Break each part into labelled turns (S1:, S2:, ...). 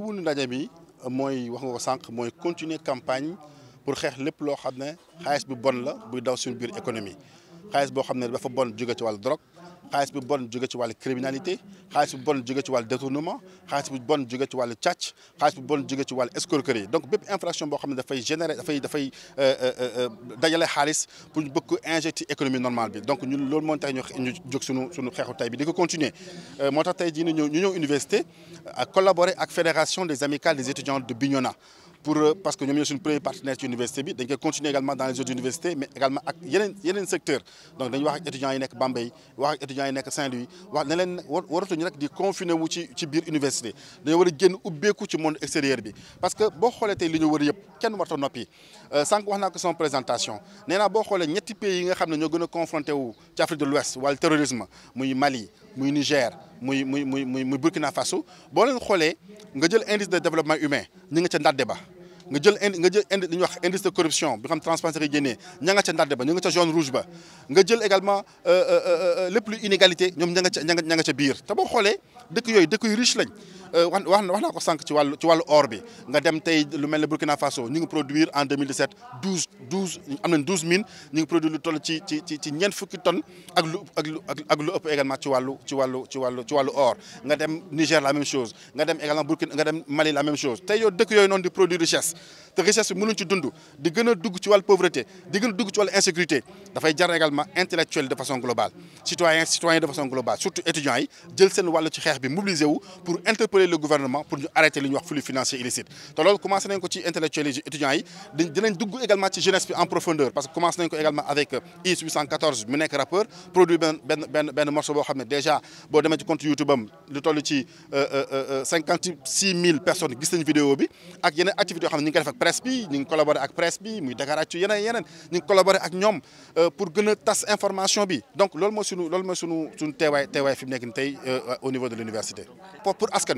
S1: Nous ndaje bi mooy campagne pour faire tout la bonne économie xaalis bu bon jóge ci wàllu criminalité xaalis bu bon jóge ci wàllu détournement xaalis bu bon jóge ci wàllu càcc xaalis bu bon jóge ci wàllu escroquerie donc bépp infraction boo xam ne dafay générer dafay dafay euh, euh, euh, dajale xaalis pour ñu bëgg ko injecté économie normale bi donc ñun loolu moo tax ñu ñu jóg suñu suñu xeexu tay bi di ko continuer moo tax tey jii ñu ñëw ñu ñëw université à collaborer ak fédération des amicales des étudiants de Bignona pour euh, parce que nous sommes suñu premier partenaire ci université bi dañ continuer également dans les autres universités mais également ak yeneen secteurs. secteur donc dañu wax ak étudiants yi nekk Bambey wax ak étudiants yi à Saint-Louis nous ne leen waratuñu rek di confiner wu ci ci biir université dañoo war a génn ci monde extérieur bi parce que boo xoolee tey li ñu wër yëpp kenn warta noppi euh, sànq wax naa ko présentation si on regarde xoolee ñetti pays yi nga xam ne ñoo gën wu ci Afrique de l'Ouest le terrorisme muy Mali muy Niger muy muy muy Burkina Faso boo leen xoolee nga jël indice de développement humain nous nga ca ndàdde nga jël indi nga jël indi li wax indice de corruption bi xam transparence yi génnee ña nga ca ndàdd ba ña ca zone rouge ba nga jël également euh, euh, euh, lépp lu inégalité ñoom ña nga ca ña nga ña nga ca biir te boo xoolee dëkk yooyu dëkk riche lañ euh, wax wax naa ko sank ci walu ci walu or bi nga dem tay lu melni Burkina Faso ñu ngi produire en 2017 12 12 amna nañ 12 mines ñu ngi produire lu toll ci ci ci ñen fukki tonnes ak lu ak lu ak lu ëpp également ci walu ci walu ci walu ci walu or nga dem Niger la même chose nga dem également Burkina nga dem Mali la même chose tay yo dëkk yoy non di produire richesse te richesse mënu ci dundu di gëna dugg ci wàllu pauvreté di gëna dugg ci wàllu insécurité fay jar également intellectuel de façon globale citoyen citoyen de façon globale surtout étudiants yi jël seen walu ci xex bi mobiliser wu pour interpeller le gouvernement pour arrêter les ñuy flux financier illicite te loolu commencé avec ci intellectuels étudiants yi dinañ également également ci jeunesse en profondeur parce que nous nañ également avec euh, i 814 mu nekk rappeur produit ben ben ben, ben morceau déjà compte YouTube am avons toll ci 000 euh, euh, personnes qui vidéo bi ak yeneen activité une xam avec Presby, def ak presse bi avons collaboré avec ak presse bi muy pour gën tasse informations. bi donc nous avons fait loolu mooy nous au niveau de l'université pour askan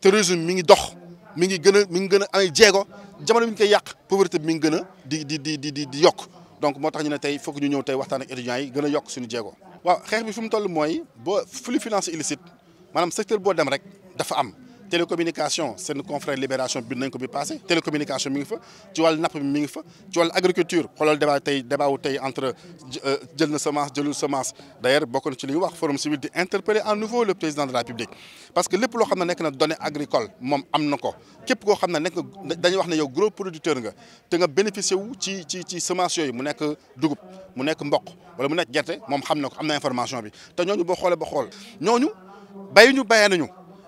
S1: terrorisme mi ngi dox mi ngi gën a mi ngi gën a ay jéego jamono bi koy yàq pauvreté bi mi ngi gën a di di di di di yokk donc moo tax ñu ne tey fokk ñu ñëw tey waxtaan ak étudiants yi gën a yokk suñu jéego. waaw xeex bi fi mu toll mooy boo flux financier illicite maanaam secteur boo dem rek dafa am. télécommunication nos confrère libération bi nañ ko bi passé télécommunication mi ngi fa ci wal nap mi ngi fa ci wal agriculture xoolal débat tay débat wu entre euh, jël na semence jëlul semence d'ailleurs bokkon ci li wax forum civil di interpeller à nouveau le président de la République parce que lepp lo xamna nek na donnée agricole mom am na ko képp ko xamna nek dañ wax na yow gros producteur nga te nga bénéficier wu ci ci ci semence yooyu mu nek dugub mu nek mbokk wala mu nek gerte mom xam na ko am na information bi te ñoñu bo xoolee ba xol ñoñu bayu ñu bàyyee nañu